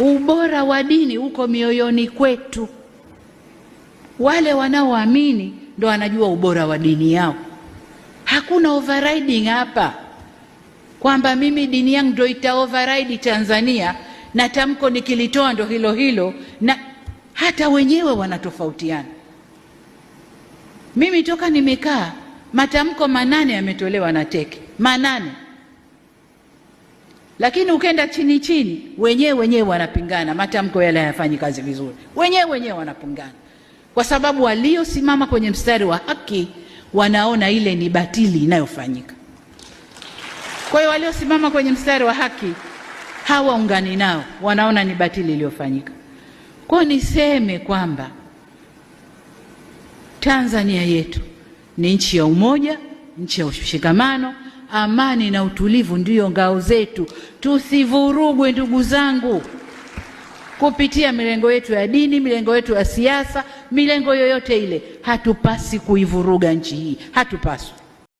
Ubora wa dini uko mioyoni kwetu. Wale wanaoamini ndo wanajua ubora wa dini yao. Hakuna overriding hapa, kwamba mimi dini yangu ndo ita override Tanzania na tamko nikilitoa ndo hilo hilo, na hata wenyewe wanatofautiana. Mimi toka nimekaa matamko manane yametolewa na teki manane. Lakini ukienda chini chini, wenyewe wenyewe wanapingana, matamko yale hayafanyi kazi vizuri, wenyewe wenyewe wanapingana, kwa sababu waliosimama kwenye mstari wa haki wanaona ile ni batili inayofanyika. Kwa hiyo waliosimama kwenye mstari wa haki hawaungani nao, wanaona ni batili iliyofanyika. Kwa hiyo niseme kwamba Tanzania yetu ni nchi ya umoja, nchi ya ushikamano amani na utulivu ndiyo ngao zetu. Tusivurugwe ndugu zangu, kupitia milengo yetu ya dini, milengo yetu ya siasa, milengo yoyote ile. Hatupasi kuivuruga nchi hii, hatupaswi.